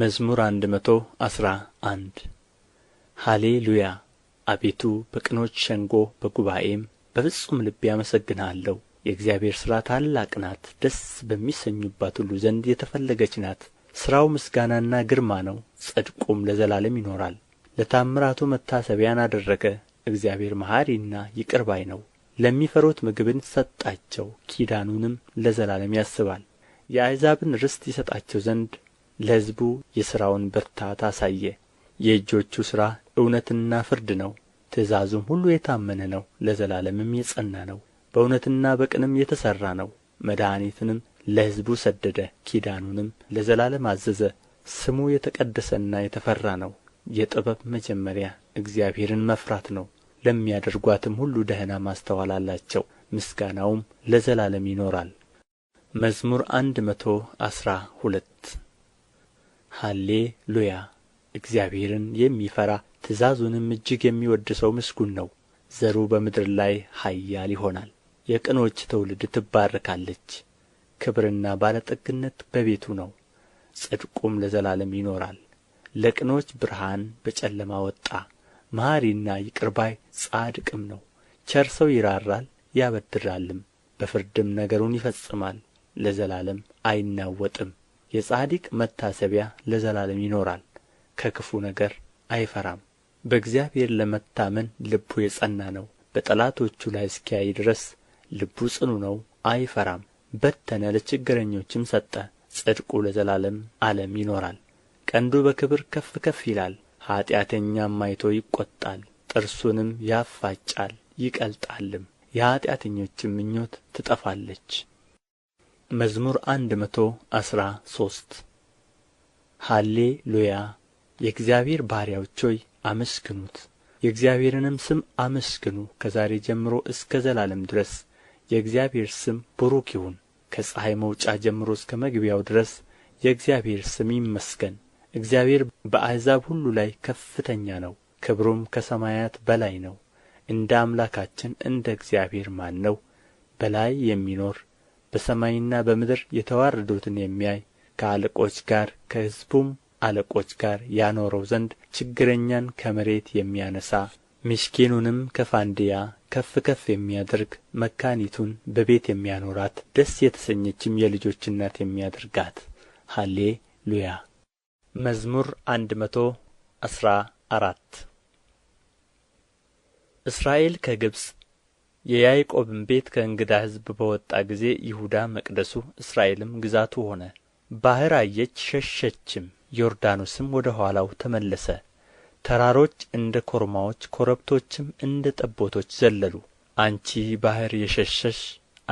መዝሙር መቶ አስራ አንድ ሃሌ ሉያ አቤቱ በቅኖች ሸንጎ በጉባኤም በፍጹም ልቤ አመሰግንሃለሁ። የእግዚአብሔር ሥራ ታላቅ ናት፣ ደስ በሚሰኙባት ሁሉ ዘንድ የተፈለገች ናት። ሥራው ምስጋናና ግርማ ነው፣ ጽድቁም ለዘላለም ይኖራል። ለታምራቱ መታሰቢያን አደረገ። እግዚአብሔር መሐሪና ይቅር ባይ ነው። ለሚፈሩት ምግብን ሰጣቸው፣ ኪዳኑንም ለዘላለም ያስባል። የአሕዛብን ርስት ይሰጣቸው ዘንድ ለሕዝቡ የሥራውን ብርታት አሳየ የእጆቹ ሥራ እውነትና ፍርድ ነው ትእዛዙም ሁሉ የታመነ ነው ለዘላለምም የጸና ነው በእውነትና በቅንም የተሠራ ነው መድኃኒትንም ለሕዝቡ ሰደደ ኪዳኑንም ለዘላለም አዘዘ ስሙ የተቀደሰና የተፈራ ነው የጥበብ መጀመሪያ እግዚአብሔርን መፍራት ነው ለሚያደርጓትም ሁሉ ደህና ማስተዋል አላቸው ምስጋናውም ለዘላለም ይኖራል መዝሙር አንድ መቶ አስራ ሁለት ሃሌ ሉያ እግዚአብሔርን የሚፈራ ትእዛዙንም እጅግ የሚወድ ሰው ምስጉን ነው ዘሩ በምድር ላይ ኃያል ይሆናል የቅኖች ትውልድ ትባረካለች ክብርና ባለጠግነት በቤቱ ነው ጽድቁም ለዘላለም ይኖራል ለቅኖች ብርሃን በጨለማ ወጣ መሐሪና ይቅርባይ ጻድቅም ነው ቸር ሰው ይራራል ያበድራልም በፍርድም ነገሩን ይፈጽማል ለዘላለም አይናወጥም የጻድቅ መታሰቢያ ለዘላለም ይኖራል ከክፉ ነገር አይፈራም በእግዚአብሔር ለመታመን ልቡ የጸና ነው በጠላቶቹ ላይ እስኪያይ ድረስ ልቡ ጽኑ ነው አይፈራም በተነ ለችግረኞችም ሰጠ ጽድቁ ለዘላለም ዓለም ይኖራል ቀንዱ በክብር ከፍ ከፍ ይላል ኃጢአተኛም አይቶ ይቈጣል ጥርሱንም ያፋጫል ይቀልጣልም የኀጢአተኞችም ምኞት ትጠፋለች መዝሙር መቶ አስራ ሶስት ሃሌ ሉያ የእግዚአብሔር ባሪያዎች ሆይ አመስግኑት የእግዚአብሔርንም ስም አመስግኑ ከዛሬ ጀምሮ እስከ ዘላለም ድረስ የእግዚአብሔር ስም ቡሩክ ይሁን ከፀሐይ መውጫ ጀምሮ እስከ መግቢያው ድረስ የእግዚአብሔር ስም ይመስገን እግዚአብሔር በአሕዛብ ሁሉ ላይ ከፍተኛ ነው ክብሩም ከሰማያት በላይ ነው እንደ አምላካችን እንደ እግዚአብሔር ማን ነው በላይ የሚኖር በሰማይና በምድር የተዋረዱትን የሚያይ ከአለቆች ጋር ከሕዝቡም አለቆች ጋር ያኖረው ዘንድ ችግረኛን ከመሬት የሚያነሣ ምስኪኑንም ከፋንድያ ከፍ ከፍ የሚያደርግ መካኒቱን በቤት የሚያኖራት ደስ የተሰኘችም የልጆች እናት የሚያደርጋት ሃሌ ሉያ መዝሙር አንድ መቶ አስራ አራት እስራኤል ከግብፅ። የያዕቆብም ቤት ከእንግዳ ሕዝብ በወጣ ጊዜ ይሁዳ መቅደሱ እስራኤልም ግዛቱ ሆነ ባሕር አየች ሸሸችም ዮርዳኖስም ወደ ኋላው ተመለሰ ተራሮች እንደ ኮርማዎች ኮረብቶችም እንደ ጠቦቶች ዘለሉ አንቺ ባሕር የሸሸሽ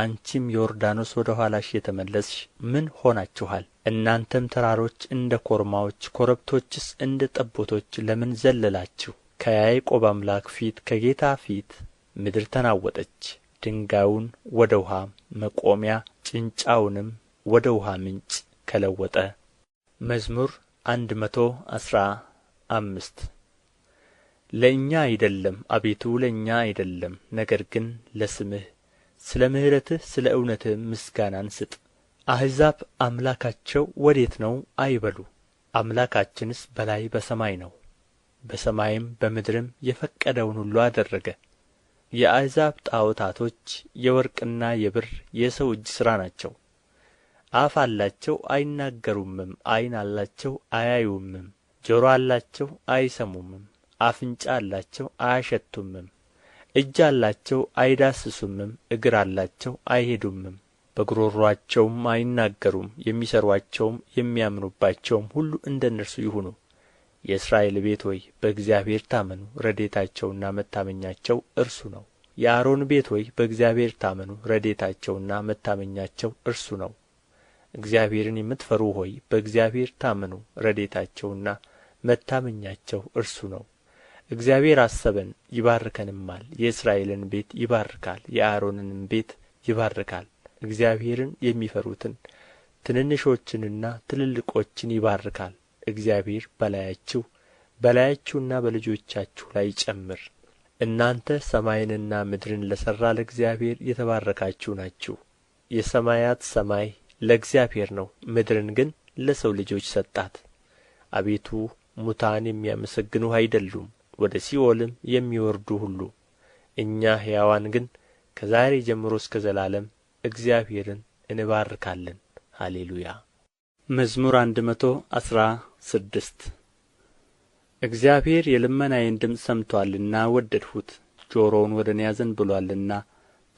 አንቺም ዮርዳኖስ ወደ ኋላሽ የተመለስሽ ምን ሆናችኋል እናንተም ተራሮች እንደ ኮርማዎች ኮረብቶችስ እንደ ጠቦቶች ለምን ዘለላችሁ ከያዕቆብ አምላክ ፊት ከጌታ ፊት ምድር ተናወጠች ድንጋዩን ወደ ውኃ መቆሚያ ጭንጫውንም ወደ ውኃ ምንጭ ከለወጠ መዝሙር አንድ መቶ አስራ አምስት ለእኛ አይደለም አቤቱ ለእኛ አይደለም፣ ነገር ግን ለስምህ ስለ ምሕረትህ ስለ እውነትህ ምስጋናን ስጥ። አሕዛብ አምላካቸው ወዴት ነው አይበሉ፣ አምላካችንስ በላይ በሰማይ ነው። በሰማይም በምድርም የፈቀደውን ሁሉ አደረገ። የአሕዛብ ጣዖታቶች የወርቅና የብር የሰው እጅ ሥራ ናቸው አፍ አላቸው አይናገሩምም ዐይን አላቸው አያዩምም ጆሮ አላቸው አይሰሙምም አፍንጫ አላቸው አያሸቱምም እጅ አላቸው አይዳስሱምም እግር አላቸው አይሄዱምም በጉሮሮአቸውም አይናገሩም የሚሠሩአቸውም የሚያምኑባቸውም ሁሉ እንደ እነርሱ ይሁኑ የእስራኤል ቤት ሆይ በእግዚአብሔር ታመኑ ረዴታቸውና መታመኛቸው እርሱ ነው የአሮን ቤት ሆይ በእግዚአብሔር ታመኑ ረዴታቸውና መታመኛቸው እርሱ ነው እግዚአብሔርን የምትፈሩ ሆይ በእግዚአብሔር ታመኑ ረዴታቸውና መታመኛቸው እርሱ ነው እግዚአብሔር አሰበን ይባርከንማል የእስራኤልን ቤት ይባርካል የአሮንንም ቤት ይባርካል እግዚአብሔርን የሚፈሩትን ትንንሾችንና ትልልቆችን ይባርካል እግዚአብሔር በላያችሁ በላያችሁና በልጆቻችሁ ላይ ይጨምር እናንተ ሰማይንና ምድርን ለሠራ ለእግዚአብሔር የተባረካችሁ ናችሁ። የሰማያት ሰማይ ለእግዚአብሔር ነው፣ ምድርን ግን ለሰው ልጆች ሰጣት። አቤቱ ሙታን የሚያመሰግኑህ አይደሉም፣ ወደ ሲኦልም የሚወርዱ ሁሉ። እኛ ሕያዋን ግን ከዛሬ ጀምሮ እስከ ዘላለም እግዚአብሔርን እንባርካለን። ሃሌሉያ። መዝሙር አንድ መቶ አስራ ስድስት እግዚአብሔር የልመናዬን ድምፅ ሰምቶአልና ወደድሁት ጆሮውን ወደ እኔ አዘንብሎአልና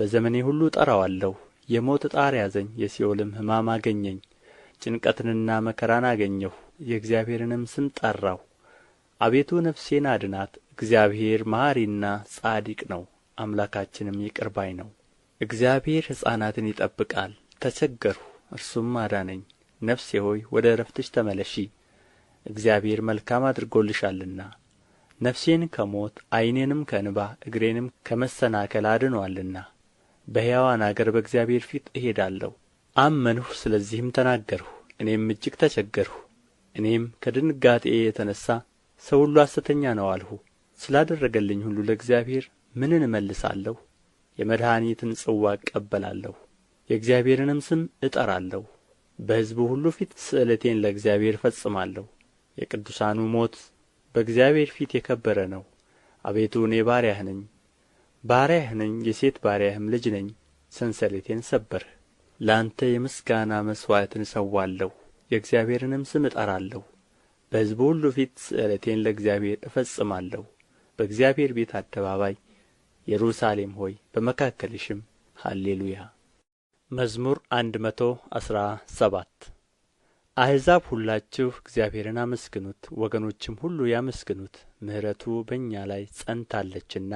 በዘመኔ ሁሉ እጠራዋለሁ የሞት ጣር ያዘኝ የሲኦልም ሕማም አገኘኝ ጭንቀትንና መከራን አገኘሁ የእግዚአብሔርንም ስም ጠራሁ አቤቱ ነፍሴን አድናት እግዚአብሔር መሐሪና ጻድቅ ነው አምላካችንም ይቅር ባይ ነው እግዚአብሔር ሕፃናትን ይጠብቃል ተቸገርሁ እርሱም አዳነኝ ነፍሴ ሆይ ወደ ዕረፍትሽ ተመለሺ እግዚአብሔር መልካም አድርጎልሻልና ነፍሴን ከሞት ዓይኔንም ከንባ እግሬንም ከመሰናከል አድኖአልና በሕያዋን አገር በእግዚአብሔር ፊት እሄዳለሁ አመንሁ ስለዚህም ተናገርሁ እኔም እጅግ ተቸገርሁ እኔም ከድንጋጤ የተነሣ ሰው ሁሉ ሐሰተኛ ነው አልሁ ስላደረገልኝ ሁሉ ለእግዚአብሔር ምንን እመልሳለሁ የመድኃኒትን ጽዋ እቀበላለሁ የእግዚአብሔርንም ስም እጠራለሁ በሕዝቡ ሁሉ ፊት ስእለቴን ለእግዚአብሔር እፈጽማለሁ የቅዱሳኑ ሞት በእግዚአብሔር ፊት የከበረ ነው አቤቱ እኔ ባሪያህ ነኝ ባሪያህ ነኝ የሴት ባሪያህም ልጅ ነኝ ሰንሰሌቴን ሰበርህ ለአንተ የምስጋና መሥዋዕትን እሰዋለሁ፣ የእግዚአብሔርንም ስም እጠራለሁ በሕዝቡ ሁሉ ፊት ስእለቴን ለእግዚአብሔር እፈጽማለሁ በእግዚአብሔር ቤት አደባባይ ኢየሩሳሌም ሆይ በመካከልሽም ሃሌሉያ መዝሙር አንድ መቶ አስራ ሰባት አሕዛብ ሁላችሁ እግዚአብሔርን አመስግኑት ወገኖችም ሁሉ ያመስግኑት ምሕረቱ በእኛ ላይ ጸንታለችና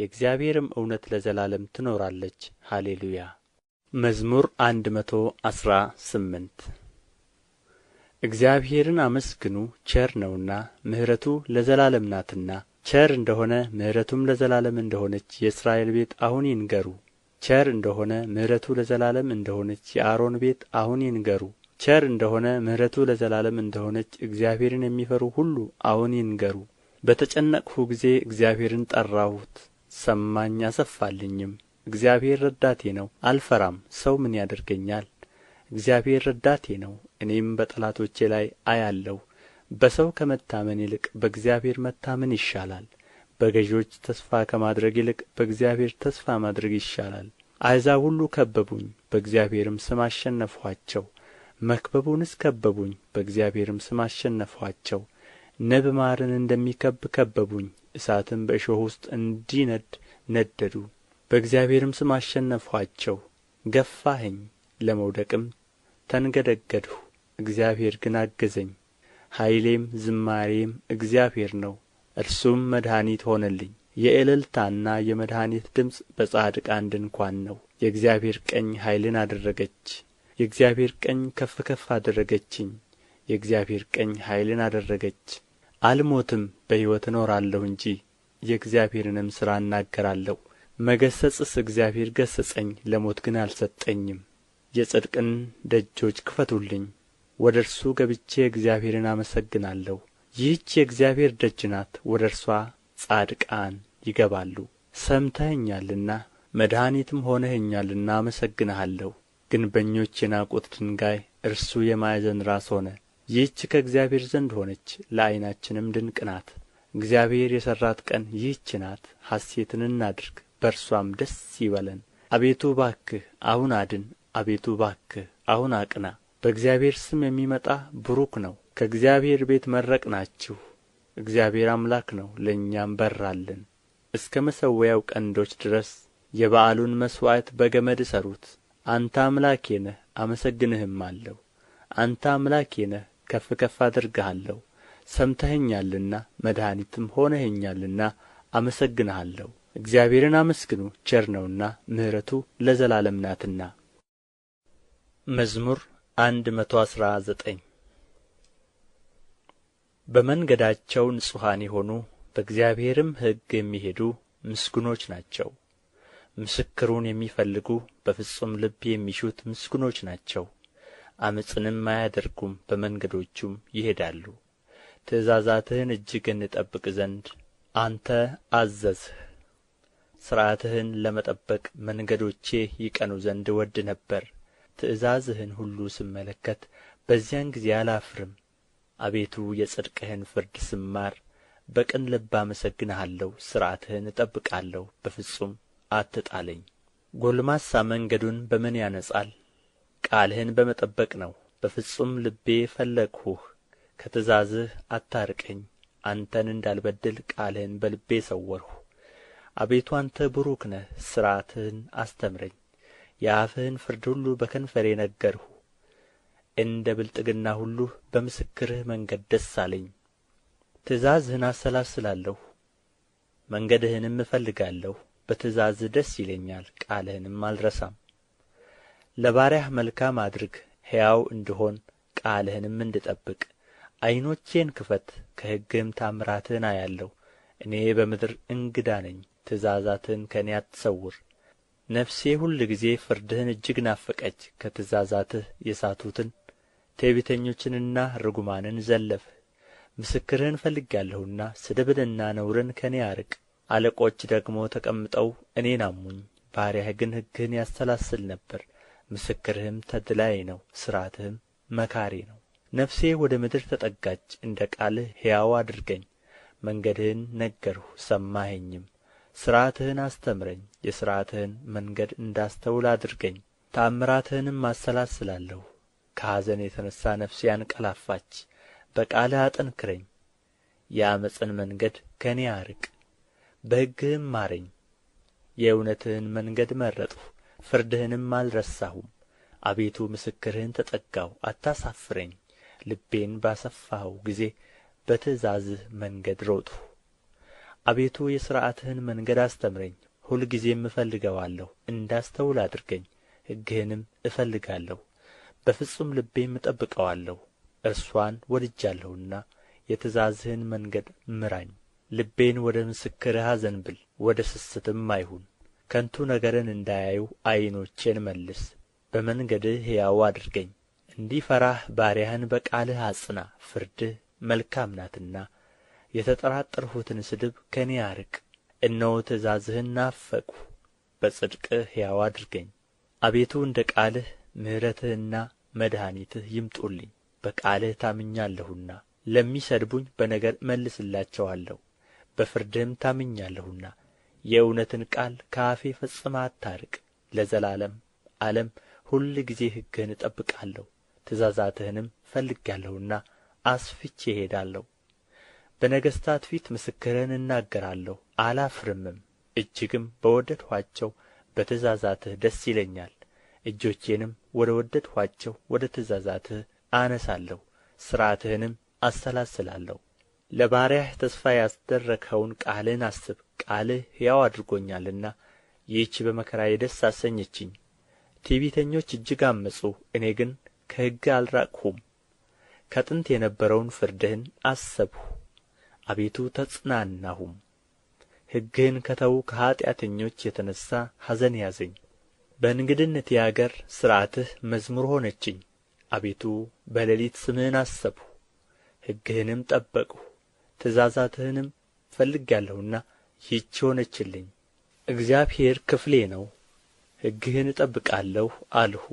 የእግዚአብሔርም እውነት ለዘላለም ትኖራለች ሃሌሉያ። መዝሙር አንድ መቶ አስራ ስምንት እግዚአብሔርን አመስግኑ ቸር ነውና ምሕረቱ ለዘላለም ናትና ቸር እንደሆነ ምሕረቱም ለዘላለም እንደሆነች የእስራኤል ቤት አሁን ይንገሩ ቸር እንደሆነ ምሕረቱ ለዘላለም እንደሆነች የአሮን ቤት አሁን ይንገሩ ቸር እንደ ሆነ ምሕረቱ ለዘላለም እንደ ሆነች እግዚአብሔርን የሚፈሩ ሁሉ አሁን ይንገሩ በተጨነቅሁ ጊዜ እግዚአብሔርን ጠራሁት ሰማኝ አሰፋልኝም እግዚአብሔር ረዳቴ ነው አልፈራም ሰው ምን ያደርገኛል እግዚአብሔር ረዳቴ ነው እኔም በጠላቶቼ ላይ አያለሁ በሰው ከመታመን ይልቅ በእግዚአብሔር መታመን ይሻላል በገዦች ተስፋ ከማድረግ ይልቅ በእግዚአብሔር ተስፋ ማድረግ ይሻላል አሕዛብ ሁሉ ከበቡኝ በእግዚአብሔርም ስም አሸነፍኋቸው መክበቡንስ ከበቡኝ በእግዚአብሔርም ስም አሸነፍኋቸው ንብ ማርን እንደሚከብ ከበቡኝ እሳትም በእሾህ ውስጥ እንዲነድ ነደዱ በእግዚአብሔርም ስም አሸነፍኋቸው ገፋኸኝ ለመውደቅም ተንገደገድሁ እግዚአብሔር ግን አገዘኝ ኃይሌም ዝማሬም እግዚአብሔር ነው እርሱም መድኃኒት ሆነልኝ የእልልታና የመድኃኒት ድምፅ በጻድቃን ድንኳን ነው የእግዚአብሔር ቀኝ ኃይልን አደረገች የእግዚአብሔር ቀኝ ከፍ ከፍ አደረገችኝ የእግዚአብሔር ቀኝ ኃይልን አደረገች አልሞትም በሕይወት እኖራለሁ እንጂ የእግዚአብሔርንም ሥራ እናገራለሁ መገሰጽስ እግዚአብሔር ገሰጸኝ ለሞት ግን አልሰጠኝም የጽድቅን ደጆች ክፈቱልኝ ወደ እርሱ ገብቼ እግዚአብሔርን አመሰግናለሁ ይህች የእግዚአብሔር ደጅ ናት ወደ እርሷ ጻድቃን ይገባሉ ሰምተኸኛልና መድኃኒትም ሆነኸኛልና አመሰግንሃለሁ ግንበኞች የናቁት ድንጋይ እርሱ የማዕዘን ራስ ሆነ ይህች ከእግዚአብሔር ዘንድ ሆነች ለዓይናችንም ድንቅ ናት እግዚአብሔር የሠራት ቀን ይህች ናት ሐሴትን እናድርግ በእርሷም ደስ ይበለን አቤቱ ባክህ አሁን አድን አቤቱ ባክህ አሁን አቅና በእግዚአብሔር ስም የሚመጣ ብሩክ ነው ከእግዚአብሔር ቤት መረቅ ናችሁ እግዚአብሔር አምላክ ነው ለእኛም በራልን እስከ መሠዊያው ቀንዶች ድረስ የበዓሉን መሥዋዕት በገመድ እሰሩት አንተ አምላኬ ነህ አመሰግንህማለሁ አንተ አምላኬ ነህ ከፍ ከፍ አደርግሃለሁ ሰምተኸኛልና መድኃኒትም ሆነኸኛልና አመሰግንሃለሁ እግዚአብሔርን አመስግኑ ቸር ነውና ምሕረቱ ለዘላለም ናትና መዝሙር አንድ መቶ አስራ ዘጠኝ በመንገዳቸው ንጹሐን የሆኑ በእግዚአብሔርም ሕግ የሚሄዱ ምስጉኖች ናቸው ምስክሩን የሚፈልጉ በፍጹም ልብ የሚሹት ምስጉኖች ናቸው አመፅንም አያደርጉም በመንገዶቹም ይሄዳሉ ትእዛዛትህን እጅግ እንጠብቅ ዘንድ አንተ አዘዝህ ሥርዓትህን ለመጠበቅ መንገዶቼ ይቀኑ ዘንድ ወድ ነበር ትእዛዝህን ሁሉ ስመለከት በዚያን ጊዜ አላፍርም አቤቱ የጽድቅህን ፍርድ ስማር በቅን ልብ አመሰግንሃለሁ ሥርዓትህን እጠብቃለሁ በፍጹም አትጣለኝ ጎልማሳ መንገዱን በምን ያነጻል ቃልህን በመጠበቅ ነው በፍጹም ልቤ ፈለግሁህ ከትእዛዝህ አታርቀኝ አንተን እንዳልበድል ቃልህን በልቤ ሰወርሁ አቤቱ አንተ ቡሩክ ነህ ሥርዓትህን አስተምረኝ የአፍህን ፍርድ ሁሉ በከንፈሬ ነገርሁ እንደ ብልጥግና ሁሉ በምስክርህ መንገድ ደስ አለኝ ትእዛዝህን አሰላስላለሁ መንገድህንም እፈልጋለሁ በትእዛዝህ ደስ ይለኛል ቃልህንም አልረሳም ለባሪያህ መልካም አድርግ ሕያው እንድሆን ቃልህንም እንድጠብቅ ዐይኖቼን ክፈት ከሕግህም ታምራትህን አያለሁ እኔ በምድር እንግዳ ነኝ ትእዛዛትህን ከእኔ አትሰውር ነፍሴ ሁል ጊዜ ፍርድህን እጅግ ናፈቀች ከትእዛዛትህ የሳቱትን ትዕቢተኞችንና ርጉማንን ዘለፍህ ምስክርህን ፈልጌአለሁና ስድብንና ነውርን ከእኔ አርቅ አለቆች ደግሞ ተቀምጠው እኔን አሙኝ ባሪያህ ግን ሕግህን ያሰላስል ነበር ምስክርህም ተድላዬ ነው ሥርዓትህም መካሪ ነው ነፍሴ ወደ ምድር ተጠጋች እንደ ቃልህ ሕያው አድርገኝ መንገድህን ነገርሁ ሰማኸኝም ሥርዓትህን አስተምረኝ የሥርዓትህን መንገድ እንዳስተውል አድርገኝ ተአምራትህንም አሰላስላለሁ ከሐዘን የተነሣ ነፍሴ አንቀላፋች በቃልህ አጠንክረኝ የአመፅን መንገድ ከእኔ አርቅ በሕግህም ማረኝ የእውነትህን መንገድ መረጥሁ ፍርድህንም አልረሳሁም አቤቱ ምስክርህን ተጠጋሁ አታሳፍረኝ ልቤን ባሰፋኸው ጊዜ በትእዛዝህ መንገድ ሮጥሁ አቤቱ የሥርዓትህን መንገድ አስተምረኝ ሁልጊዜም እፈልገዋለሁ እንዳስተውል አድርገኝ ሕግህንም እፈልጋለሁ በፍጹም ልቤም እጠብቀዋለሁ እርሷን ወድጃለሁና የትእዛዝህን መንገድ ምራኝ ልቤን ወደ ምስክርህ አዘንብል ወደ ስስትም አይሁን ከንቱ ነገርን እንዳያዩ ዐይኖቼን መልስ በመንገድህ ሕያው አድርገኝ እንዲፈራህ ባሪያህን በቃልህ አጽና ፍርድህ መልካም ናትና የተጠራጠርሁትን ስድብ ከእኔ አርቅ እነሆ ትእዛዝህን ናፈቅሁ በጽድቅህ ሕያው አድርገኝ አቤቱ እንደ ቃልህ ምሕረትህና መድኃኒትህ ይምጡልኝ በቃልህ ታምኛለሁና ለሚሰድቡኝ በነገር መልስላቸዋለሁ። በፍርድህም ታምኛለሁና የእውነትን ቃል ከአፌ ፈጽማ አታርቅ ለዘላለም ዓለም ሁልጊዜ ሕግህን እጠብቃለሁ ትእዛዛትህንም ፈልጌአለሁና አስፍቼ እሄዳለሁ በነገሥታት ፊት ምስክርህን እናገራለሁ አላፍርምም እጅግም በወደድኋቸው በትእዛዛትህ ደስ ይለኛል እጆቼንም ወደ ወደድኋቸው ወደ ትእዛዛትህ አነሳለሁ ሥርዓትህንም አሰላስላለሁ ለባሪያህ ተስፋ ያስደረግኸውን ቃልህን አስብ ቃልህ ሕያው አድርጎኛልና ይህች በመከራ የደስ አሰኘችኝ ትዕቢተኞች እጅግ አመፁ፣ እኔ ግን ከሕግ አልራቅሁም ከጥንት የነበረውን ፍርድህን አሰብሁ አቤቱ ተጽናናሁም ሕግህን ከተዉ ከኀጢአተኞች የተነሣ ሐዘን ያዘኝ በእንግድነቴ አገር ሥርዓትህ መዝሙር ሆነችኝ አቤቱ በሌሊት ስምህን አሰብሁ ሕግህንም ጠበቅሁ ትእዛዛትህንም ፈልጌአለሁና ይህች ሆነችልኝ እግዚአብሔር ክፍሌ ነው ሕግህን እጠብቃለሁ አልሁ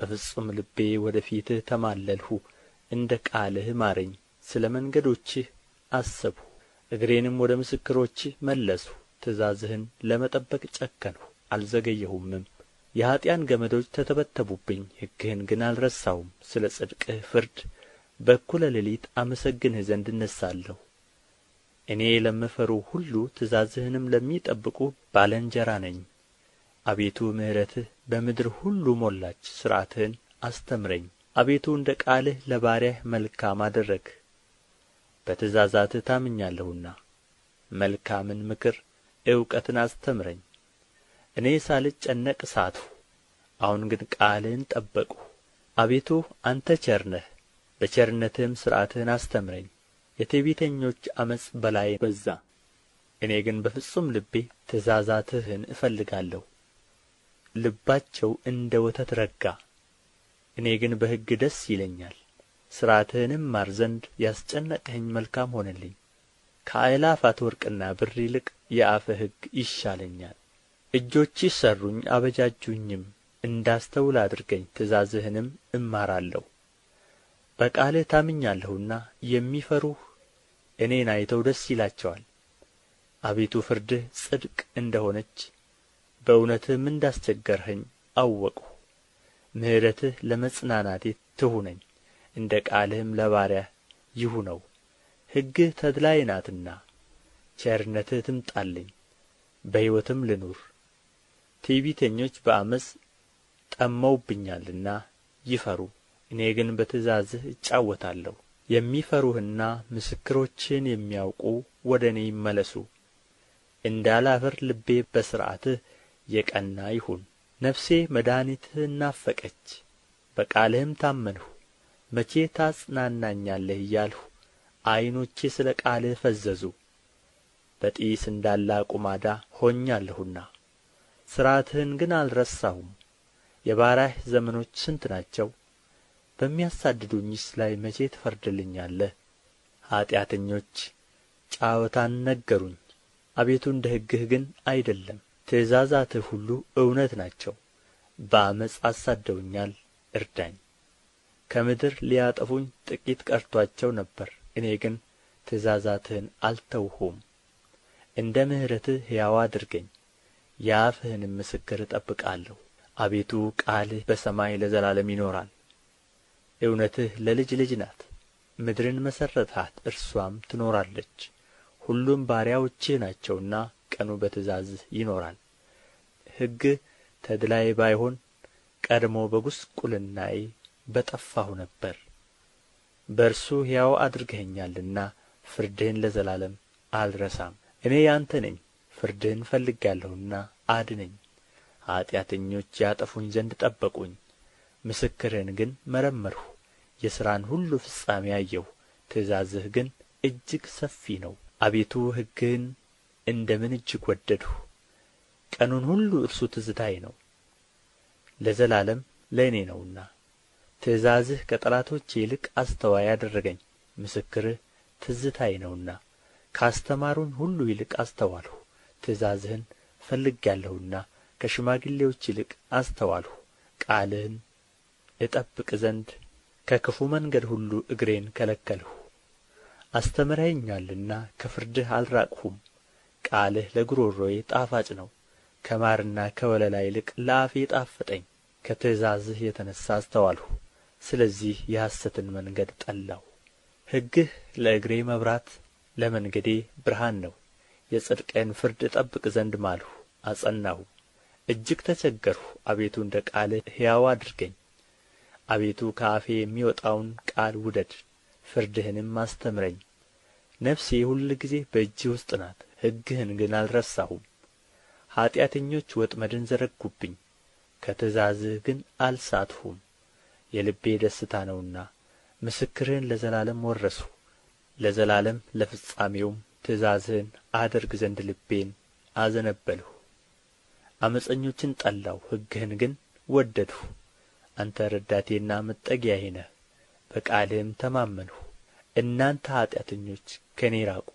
በፍጹም ልቤ ወደ ፊትህ ተማለልሁ እንደ ቃልህ ማረኝ ስለ መንገዶችህ አሰብሁ እግሬንም ወደ ምስክሮችህ መለስሁ ትእዛዝህን ለመጠበቅ ጨከንሁ አልዘገየሁምም የኀጢአን ገመዶች ተተበተቡብኝ ሕግህን ግን አልረሳሁም ስለ ጽድቅህ ፍርድ በእኩለ ሌሊት አመሰግንህ ዘንድ እነሳለሁ። እኔ ለምፈሩ ሁሉ ትእዛዝህንም ለሚጠብቁ ባለንጀራ ነኝ አቤቱ ምሕረትህ በምድር ሁሉ ሞላች ሥርዓትህን አስተምረኝ አቤቱ እንደ ቃልህ ለባሪያህ መልካም አደረግ፣ በትእዛዛትህ ታምኛለሁና መልካምን ምክር እውቀትን አስተምረኝ እኔ ሳልጨነቅ ሳትሁ አሁን ግን ቃልህን ጠበቅሁ አቤቱ አንተ ቸርነህ በቸርነትህም ሥርዓትህን አስተምረኝ የትዕቢተኞች ዓመፅ በላይ በዛ እኔ ግን በፍጹም ልቤ ትእዛዛትህን እፈልጋለሁ ልባቸው እንደ ወተት ረጋ እኔ ግን በሕግ ደስ ይለኛል ሥርዓትህንም ማር ዘንድ ያስጨነቅኸኝ መልካም ሆነልኝ ከአእላፋት ወርቅና ብር ይልቅ የአፈ ሕግ ይሻለኛል እጆች ሠሩኝ አበጃጁኝም እንዳስተውል አድርገኝ ትእዛዝህንም እማራለሁ በቃልህ ታምኛለሁና የሚፈሩህ እኔን አይተው ደስ ይላቸዋል አቤቱ ፍርድህ ጽድቅ እንደ ሆነች በእውነትህም እንዳስቸገርኸኝ አወቅሁ ምሕረትህ ለመጽናናቴ ትሁነኝ እንደ ቃልህም ለባሪያህ ይሁነው ሕግህ ተድላዬ ናትና ቸርነትህ ትምጣልኝ በሕይወትም ልኑር ትዕቢተኞች በአመፅ ጠመውብኛልና ይፈሩ እኔ ግን በትእዛዝህ እጫወታለሁ የሚፈሩህና ምስክሮችህን የሚያውቁ ወደ እኔ ይመለሱ እንዳላፈር ልቤ በሥርዓትህ የቀና ይሁን ነፍሴ መድኃኒትህን ናፈቀች በቃልህም ታመንሁ መቼ ታጽናናኛለህ እያልሁ ዐይኖቼ ስለ ቃልህ ፈዘዙ በጢስ እንዳላቁ ማዳ ሆኛለሁና ሥርዓትህን ግን አልረሳሁም የባራህ ዘመኖች ስንት ናቸው በሚያሳድዱኝስ ላይ መቼ ትፈርድልኛለህ ኃጢአተኞች ጫወታን ነገሩኝ አቤቱ እንደ ሕግህ ግን አይደለም ትእዛዛትህ ሁሉ እውነት ናቸው በአመፅ አሳደውኛል፣ እርዳኝ ከምድር ሊያጠፉኝ ጥቂት ቀርቶአቸው ነበር እኔ ግን ትእዛዛትህን አልተውሁም እንደ ምሕረትህ ሕያው አድርገኝ የአፍህንም ምስክር እጠብቃለሁ አቤቱ ቃልህ በሰማይ ለዘላለም ይኖራል እውነትህ ለልጅ ልጅ ናት ምድርን መሠረትሃት እርስዋም ትኖራለች ሁሉም ባሪያዎችህ ናቸውና ቀኑ በትእዛዝህ ይኖራል ሕግህ ተድላይ ባይሆን ቀድሞ በጉስቁልናይ በጠፋሁ ነበር በእርሱ ሕያው አድርገኸኛልና ፍርድህን ለዘላለም አልረሳም እኔ ያንተ ነኝ ፍርድህን ፈልጌአለሁና አድነኝ ኀጢአተኞች ያጠፉኝ ዘንድ ጠበቁኝ ምስክርህን ግን መረመርሁ የሥራን ሁሉ ፍጻሜ አየሁ ትእዛዝህ ግን እጅግ ሰፊ ነው አቤቱ ሕግህን እንደ ምን እጅግ ወደድሁ ቀኑን ሁሉ እርሱ ትዝታዬ ነው ለዘላለም ለእኔ ነውና ትእዛዝህ ከጠላቶቼ ይልቅ አስተዋይ አደረገኝ ምስክርህ ትዝታዬ ነውና ካስተማሩኝ ሁሉ ይልቅ አስተዋልሁ ትእዛዝህን ፈልጌአለሁና ከሽማግሌዎች ይልቅ አስተዋልሁ ቃልህን እጠብቅ ዘንድ ከክፉ መንገድ ሁሉ እግሬን ከለከልሁ አስተምረኸኛልና ከፍርድህ አልራቅሁም ቃልህ ለጉሮሮዬ ጣፋጭ ነው ከማርና ከወለላ ይልቅ ለአፌ ጣፈጠኝ ከትእዛዝህ የተነሣ አስተዋልሁ ስለዚህ የሐሰትን መንገድ ጠላሁ ሕግህ ለእግሬ መብራት ለመንገዴ ብርሃን ነው የጽድቅህን ፍርድ እጠብቅ ዘንድ ማልሁ አጸናሁ! እጅግ ተቸገርሁ አቤቱ እንደ ቃልህ ሕያው አድርገኝ አቤቱ ከአፌ የሚወጣውን ቃል ውደድ ፍርድህንም አስተምረኝ ነፍሴ ሁልጊዜ በእጅህ ውስጥ ናት ሕግህን ግን አልረሳሁም ኀጢአተኞች ወጥመድን ዘረጉብኝ ከትእዛዝህ ግን አልሳትሁም የልቤ ደስታ ነውና ምስክርህን ለዘላለም ወረስሁ ለዘላለም ለፍጻሜውም ትእዛዝህን አደርግ ዘንድ ልቤን አዘነበልሁ ዓመፀኞችን ጠላሁ ሕግህን ግን ወደድሁ አንተ ረዳቴና መጠጊያዬ ነህ በቃልህም ተማመንሁ እናንተ ኃጢአተኞች ከእኔ ራቁ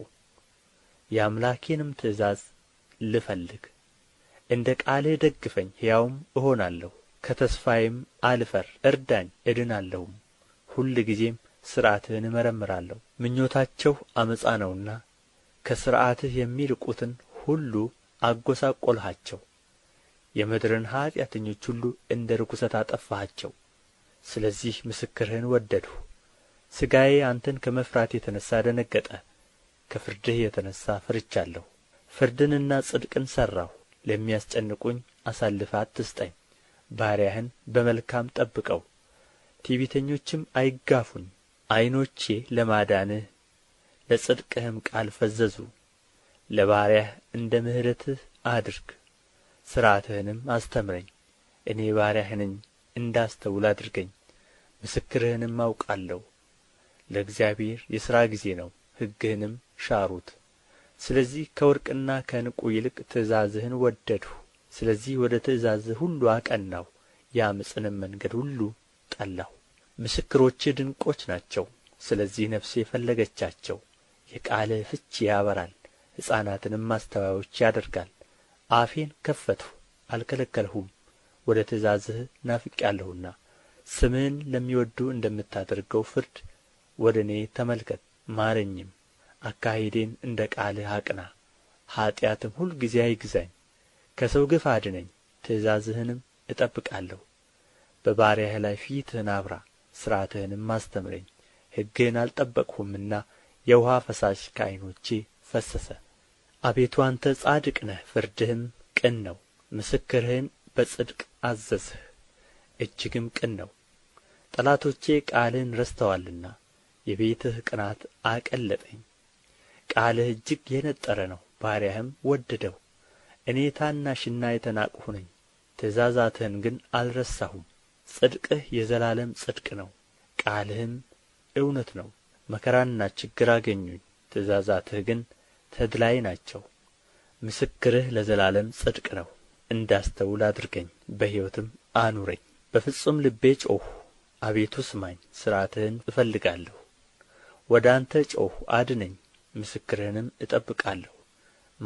የአምላኬንም ትእዛዝ ልፈልግ እንደ ቃልህ ደግፈኝ ሕያውም እሆናለሁ ከተስፋዬም አልፈር እርዳኝ እድናለሁም ጊዜም ሥርዓትህን እመረምራለሁ ምኞታቸው አመፃ ነውና ከሥርዓትህ የሚርቁትን ሁሉ አጐሳቈልሃቸው የምድርን ኃጢአተኞች ሁሉ እንደ ርኵሰት አጠፋሃቸው ስለዚህ ምስክርህን ወደድሁ ሥጋዬ አንተን ከመፍራት የተነሣ ደነገጠ ከፍርድህ የተነሣ ፈርቻለሁ ፍርድንና ጽድቅን ሠራሁ ለሚያስጨንቁኝ አሳልፈ አትስጠኝ ባሪያህን በመልካም ጠብቀው ትዕቢተኞችም አይጋፉኝ ዐይኖቼ ለማዳንህ ለጽድቅህም ቃል ፈዘዙ ለባሪያህ እንደ ምሕረትህ አድርግ ሥርዓትህንም አስተምረኝ እኔ ባሪያህ ነኝ እንዳስተውል አድርገኝ ምስክርህንም አውቃለሁ ለእግዚአብሔር የሥራ ጊዜ ነው ሕግህንም ሻሩት ስለዚህ ከወርቅና ከንቁ ይልቅ ትእዛዝህን ወደድሁ ስለዚህ ወደ ትእዛዝህ ሁሉ አቀናሁ የአመፅንም መንገድ ሁሉ ጠላሁ ምስክሮችህ ድንቆች ናቸው ስለዚህ ነፍሴ ፈለገቻቸው የቃልህ ፍቺ ያበራል ሕፃናትንም አስተዋዮች ያደርጋል አፌን ከፈትሁ አልከለከልሁም ወደ ትእዛዝህ ናፍቄአለሁና ስምህን ለሚወዱ እንደምታደርገው ፍርድ ወደ እኔ ተመልከት ማረኝም አካሄዴን እንደ ቃልህ አቅና ሁል ሁልጊዜ አይግዛኝ ከሰው ግፍ አድነኝ ትእዛዝህንም እጠብቃለሁ በባሪያህ ላይ ፊትህን አብራ ሥርዓትህንም አስተምረኝ ሕግህን አልጠበቅሁምና የውኃ ፈሳሽ ከዐይኖቼ ፈሰሰ አቤቱ አንተ ጻድቅ ነህ ፍርድህም ቅን ነው ምስክርህን በጽድቅ አዘዝህ እጅግም ቅን ነው ጠላቶቼ ቃልህን ረስተዋልና የቤትህ ቅናት አቀለጠኝ ቃልህ እጅግ የነጠረ ነው ባሪያህም ወደደው እኔ ታናሽና የተናቅሁ ነኝ ትእዛዛትህን ግን አልረሳሁም ጽድቅህ የዘላለም ጽድቅ ነው ቃልህም እውነት ነው መከራና ችግር አገኙኝ ትእዛዛትህ ግን ተድላይ ናቸው ምስክርህ ለዘላለም ጽድቅ ነው እንዳስተውል አድርገኝ በሕይወትም አኑረኝ በፍጹም ልቤ ጮኽሁ አቤቱ ስማኝ ሥርዓትህን እፈልጋለሁ ወደ አንተ ጮኽሁ አድነኝ ምስክርህንም እጠብቃለሁ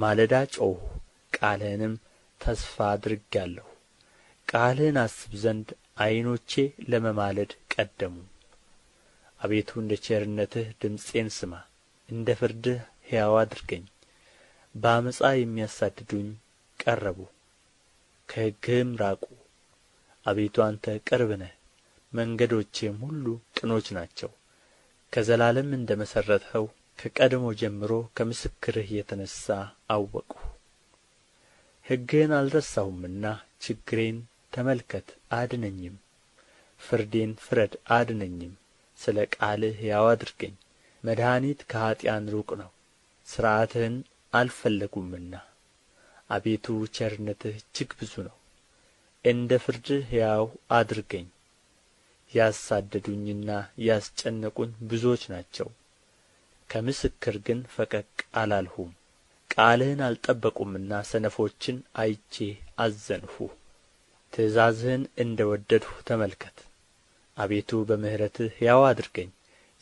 ማለዳ ጮኽሁ ቃልህንም ተስፋ አድርጌአለሁ ቃልህን አስብ ዘንድ ዐይኖቼ ለመማለድ ቀደሙ አቤቱ እንደ ቸርነትህ ድምፄን ስማ እንደ ፍርድህ ሕያው አድርገኝ በአመፃ የሚያሳድዱኝ ቀረቡ ከሕግህም ራቁ አቤቱ አንተ ቅርብ ነህ መንገዶቼም ሁሉ ቅኖች ናቸው ከዘላለም እንደ መሠረትኸው ከቀድሞ ጀምሮ ከምስክርህ የተነሣ አወቅሁ ሕግህን አልረሳሁምና ችግሬን ተመልከት አድነኝም ፍርዴን ፍረድ አድነኝም ስለ ቃልህ ሕያው አድርገኝ መድኃኒት ከኀጢአን ሩቅ ነው ሥርዓትህን አልፈለጉምና አቤቱ ቸርነትህ እጅግ ብዙ ነው እንደ ፍርድህ ሕያው አድርገኝ ያሳደዱኝና ያስጨነቁኝ ብዙዎች ናቸው ከምስክር ግን ፈቀቅ አላልሁም ቃልህን አልጠበቁምና ሰነፎችን አይቼ አዘንሁ ትእዛዝህን እንደ ወደድሁ ተመልከት አቤቱ በምሕረትህ ሕያው አድርገኝ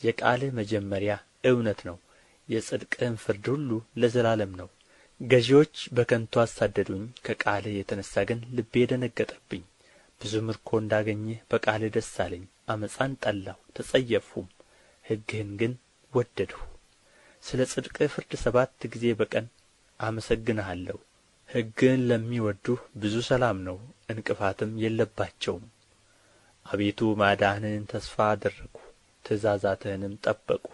የቃልህ መጀመሪያ እውነት ነው የጽድቅህም ፍርድ ሁሉ ለዘላለም ነው ገዢዎች በከንቱ አሳደዱኝ ከቃልህ የተነሣ ግን ልቤ ደነገጠብኝ ብዙ ምርኮ እንዳገኘህ በቃልህ ደስ አለኝ አመፃን ጠላሁ ተጸየፍሁም ሕግህን ግን ወደድሁ ስለ ጽድቅህ ፍርድ ሰባት ጊዜ በቀን አመሰግንሃለሁ ሕግህን ለሚወዱ ብዙ ሰላም ነው እንቅፋትም የለባቸውም አቤቱ ማዳንህን ተስፋ አደረግሁ ትእዛዛትህንም ጠበቅሁ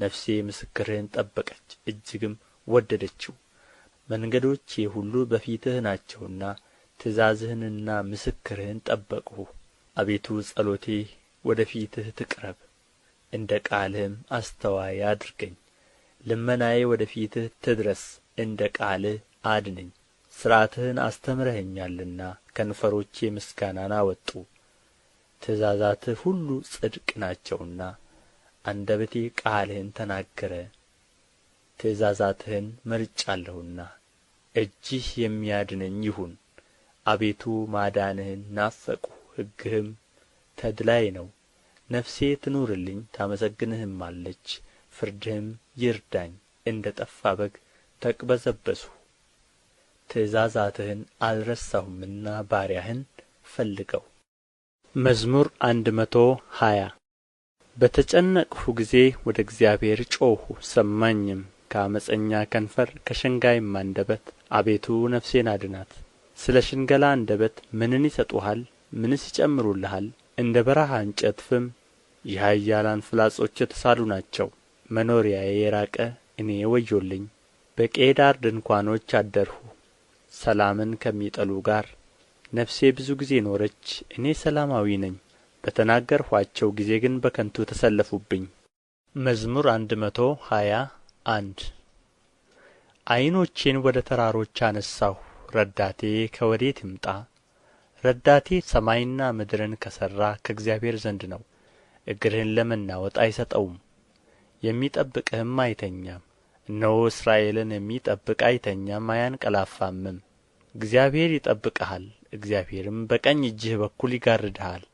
ነፍሴ ምስክርህን ጠበቀች እጅግም ወደደችው መንገዶቼ ሁሉ በፊትህ ናቸውና ትእዛዝህንና ምስክርህን ጠበቅሁ አቤቱ ጸሎቴ ወደ ፊትህ ትቅረብ እንደ ቃልህም አስተዋይ አድርገኝ ልመናዬ ወደ ፊትህ ትድረስ እንደ ቃልህ አድነኝ ሥርዓትህን አስተምረኸኛልና ከንፈሮቼ ምስጋናን አወጡ ትእዛዛትህ ሁሉ ጽድቅ ናቸውና አንደበቴ ቃልህን ተናገረ ትእዛዛትህን መርጫለሁና እጅህ የሚያድነኝ ይሁን አቤቱ ማዳንህን ናፈቁ ሕግህም ተድላዬ ነው ነፍሴ ትኑርልኝ ታመሰግንህማለች ፍርድህም ይርዳኝ እንደ ጠፋ በግ ተቅበዘበዝሁ ትእዛዛትህን አልረሳሁምና ባሪያህን ፈልገው መዝሙር አንድ መቶ ሀያ በተጨነቅሁ ጊዜ ወደ እግዚአብሔር ጮኽሁ ሰማኝም ከአመፀኛ ከንፈር ከሸንጋይም አንደበት አቤቱ ነፍሴን አድናት ስለ ሽንገላ አንደበት ምንን ይሰጡሃል ምንስ ይጨምሩልሃል እንደ በረሃ እንጨት ፍም የኃያላን ፍላጾች የተሳሉ ናቸው መኖሪያዬ የራቀ እኔ ወዮልኝ በቄዳር ድንኳኖች አደርሁ ሰላምን ከሚጠሉ ጋር ነፍሴ ብዙ ጊዜ ኖረች እኔ ሰላማዊ ነኝ በተናገርኋቸው ጊዜ ግን በከንቱ ተሰለፉብኝ። መዝሙር አንድ መቶ ሃያ አንድ ዐይኖቼን ወደ ተራሮች አነሣሁ፣ ረዳቴ ከወዴት ይምጣ? ረዳቴ ሰማይና ምድርን ከሠራ ከእግዚአብሔር ዘንድ ነው። እግርህን ለመናወጥ አይሰጠውም፣ የሚጠብቅህም አይተኛም። እነሆ እስራኤልን የሚጠብቅ አይተኛም አያንቀላፋምም። እግዚአብሔር ይጠብቅሃል፣ እግዚአብሔርም በቀኝ እጅህ በኩል ይጋርድሃል።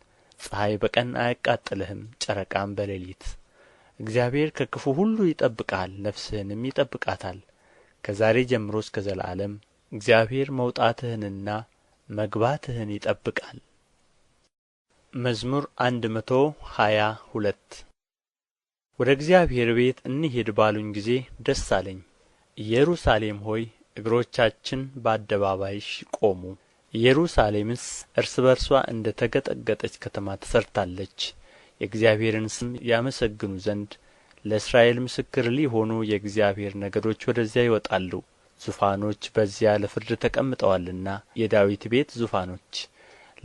ፀሐይ በቀን አያቃጥልህም ጨረቃም በሌሊት እግዚአብሔር ከክፉ ሁሉ ይጠብቃል ነፍስህንም ይጠብቃታል ከዛሬ ጀምሮ እስከ ዘላለም እግዚአብሔር መውጣትህንና መግባትህን ይጠብቃል መዝሙር አንድ መቶ ሀያ ሁለት ወደ እግዚአብሔር ቤት እንሄድ ባሉኝ ጊዜ ደስ አለኝ ኢየሩሳሌም ሆይ እግሮቻችን በአደባባይሽ ቆሙ ኢየሩሳሌምስ እርስ በርሷ እንደ ተገጠገጠች ከተማ ተሠርታለች የእግዚአብሔርን ስም ያመሰግኑ ዘንድ ለእስራኤል ምስክር ሊሆኑ የእግዚአብሔር ነገዶች ወደዚያ ይወጣሉ ዙፋኖች በዚያ ለፍርድ ተቀምጠዋልና የዳዊት ቤት ዙፋኖች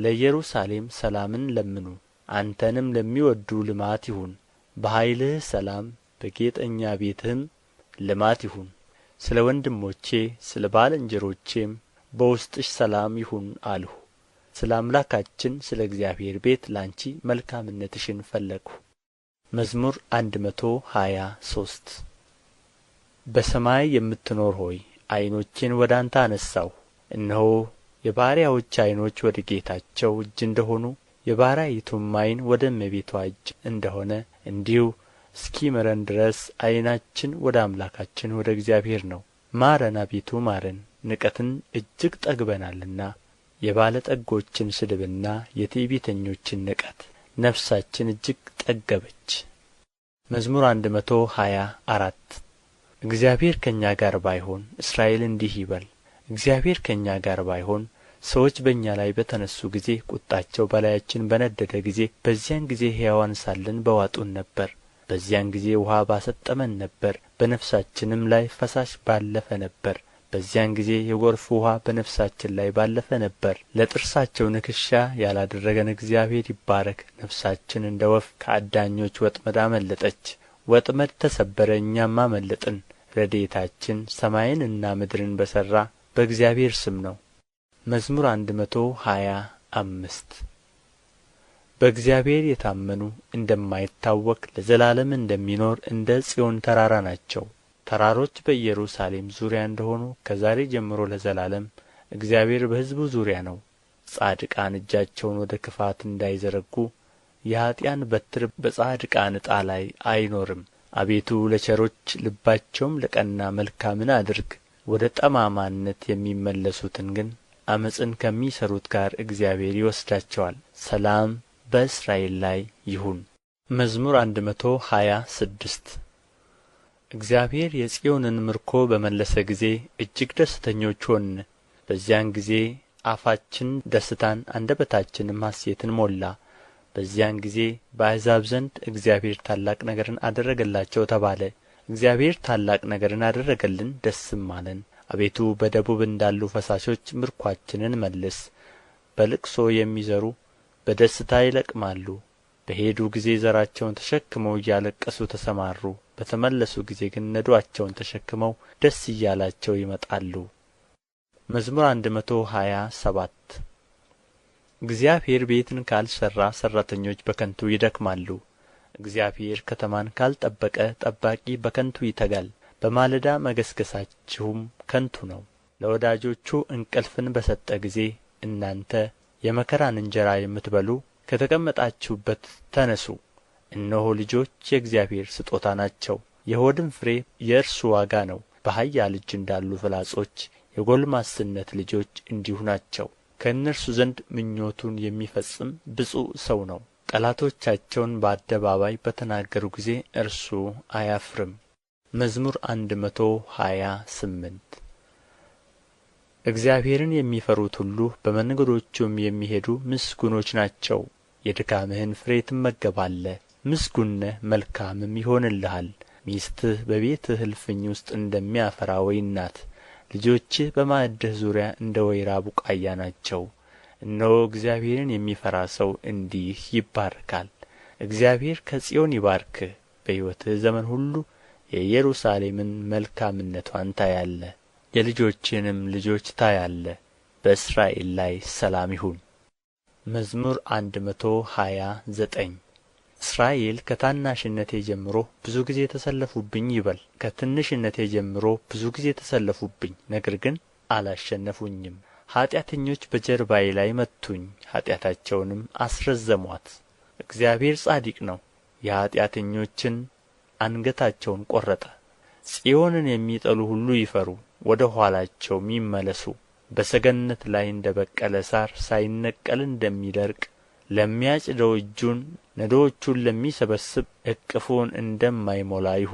ለኢየሩሳሌም ሰላምን ለምኑ አንተንም ለሚወዱ ልማት ይሁን በኃይልህ ሰላም በጌጠኛ ቤትህም ልማት ይሁን ስለ ወንድሞቼ ስለ ባልንጀሮቼም በውስጥሽ ሰላም ይሁን አልሁ ስለ አምላካችን ስለ እግዚአብሔር ቤት ላንቺ መልካምነትሽን ፈለግሁ መዝሙር አንድ መቶ ሀያ ሶስት በሰማይ የምትኖር ሆይ ዐይኖቼን ወደ አንተ አነሣሁ እነሆ የባሪያዎች ዐይኖች ወደ ጌታቸው እጅ እንደሆኑ የባሪያይቱም ዐይን ወደ እመቤቷ እጅ እንደሆነ እንዲሁ እስኪ መረን ድረስ ዐይናችን ወደ አምላካችን ወደ እግዚአብሔር ነው። ማረን አቤቱ ማረን፣ ንቀትን እጅግ ጠግበናልና የባለጠጎችን ስድብና የትዕቢተኞችን ንቀት ነፍሳችን እጅግ ጠገበች መዝሙር አንድ መቶ ሀያ አራት እግዚአብሔር ከእኛ ጋር ባይሆን እስራኤል እንዲህ ይበል እግዚአብሔር ከእኛ ጋር ባይሆን ሰዎች በእኛ ላይ በተነሱ ጊዜ ቁጣቸው በላያችን በነደደ ጊዜ በዚያን ጊዜ ሕያዋን ሳለን በዋጡን ነበር በዚያን ጊዜ ውኃ ባሰጠመን ነበር በነፍሳችንም ላይ ፈሳሽ ባለፈ ነበር በዚያን ጊዜ የጎርፍ ውኃ በነፍሳችን ላይ ባለፈ ነበር ለጥርሳቸው ንክሻ ያላደረገን እግዚአብሔር ይባረክ ነፍሳችን እንደ ወፍ ከአዳኞች ወጥመድ አመለጠች ወጥመድ ተሰበረ እኛም አመለጥን ረድኤታችን ሰማይንና ምድርን በሠራ በእግዚአብሔር ስም ነው መዝሙር አንድ መቶ ሀያ አምስት በእግዚአብሔር የታመኑ እንደማይታወክ ለዘላለም እንደሚኖር እንደ ጽዮን ተራራ ናቸው ተራሮች በኢየሩሳሌም ዙሪያ እንደ ሆኑ ከዛሬ ጀምሮ ለዘላለም እግዚአብሔር በሕዝቡ ዙሪያ ነው ጻድቃን እጃቸውን ወደ ክፋት እንዳይዘረጉ የኃጥኣን በትር በጻድቃን ዕጣ ላይ አይኖርም አቤቱ ለቸሮች ልባቸውም ለቀና መልካምን አድርግ ወደ ጠማማነት የሚመለሱትን ግን ዓመፅን ከሚሠሩት ጋር እግዚአብሔር ይወስዳቸዋል ሰላም በእስራኤል ላይ ይሁን መዝሙር አንድ መቶ ሀያ ስድስት እግዚአብሔር የጽዮንን ምርኮ በመለሰ ጊዜ እጅግ ደስተኞች ሆን በዚያን ጊዜ አፋችን ደስታን አንደበታችንም ሐሴትን ሞላ። በዚያን ጊዜ በአሕዛብ ዘንድ እግዚአብሔር ታላቅ ነገርን አደረገላቸው ተባለ። እግዚአብሔር ታላቅ ነገርን አደረገልን፣ ደስም አለን። አቤቱ በደቡብ እንዳሉ ፈሳሾች ምርኳችንን መልስ። በልቅሶ የሚዘሩ በደስታ ይለቅማሉ። በሄዱ ጊዜ ዘራቸውን ተሸክመው እያለቀሱ ተሰማሩ። በተመለሱ ጊዜ ግን ነዶአቸውን ተሸክመው ደስ እያላቸው ይመጣሉ መዝሙር አንድ መቶ ሀያ ሰባት እግዚአብሔር ቤትን ካልሠራ ሠራተኞች በከንቱ ይደክማሉ። እግዚአብሔር ከተማን ካልጠበቀ ጠባቂ በከንቱ ይተጋል። በማለዳ መገስገሳችሁም ከንቱ ነው። ለወዳጆቹ እንቅልፍን በሰጠ ጊዜ እናንተ የመከራን እንጀራ የምትበሉ ከተቀመጣችሁበት ተነሱ። እነሆ ልጆች የእግዚአብሔር ስጦታ ናቸው የሆድም ፍሬ የእርሱ ዋጋ ነው በኃያል እጅ እንዳሉ ፍላጾች የጎልማስነት ልጆች እንዲሁ ናቸው ከእነርሱ ዘንድ ምኞቱን የሚፈጽም ብፁዕ ሰው ነው ጠላቶቻቸውን በአደባባይ በተናገሩ ጊዜ እርሱ አያፍርም። መዝሙር አንድ መቶ ሀያ ስምንት እግዚአብሔርን የሚፈሩት ሁሉ በመንገዶቹም የሚሄዱ ምስጉኖች ናቸው። የድካምህን ፍሬ ትመገባለህ፣ ምስጉን ነህ መልካምም ይሆንልሃል ሚስትህ በቤትህ እልፍኝ ውስጥ እንደሚያፈራ ወይን ናት ልጆችህ በማዕድህ ዙሪያ እንደ ወይራ ቡቃያ ናቸው እነሆ እግዚአብሔርን የሚፈራ ሰው እንዲህ ይባርካል። እግዚአብሔር ከጽዮን ይባርክህ በሕይወትህ ዘመን ሁሉ የኢየሩሳሌምን መልካምነቷን ታያለ የልጆችንም ልጆች ታያለ በእስራኤል ላይ ሰላም ይሁን መዝሙር አንድ መቶ ሀያ ዘጠኝ እስራኤል ከታናሽነቴ ጀምሮ ብዙ ጊዜ ተሰለፉብኝ ይበል ከትንሽነቴ ጀምሮ ብዙ ጊዜ ተሰለፉብኝ ነገር ግን አላሸነፉኝም ኃጢአተኞች በጀርባዬ ላይ መቱኝ ኃጢአታቸውንም አስረዘሟት እግዚአብሔር ጻድቅ ነው የኃጢአተኞችን አንገታቸውን ቈረጠ ጽዮንን የሚጠሉ ሁሉ ይፈሩ ወደ ኋላቸውም ይመለሱ በሰገነት ላይ እንደ በቀለ ሳር ሳይነቀል እንደሚደርቅ ለሚያጭደው እጁን ነዶዎቹን ለሚሰበስብ እቅፉን እንደማይሞላ ይሁን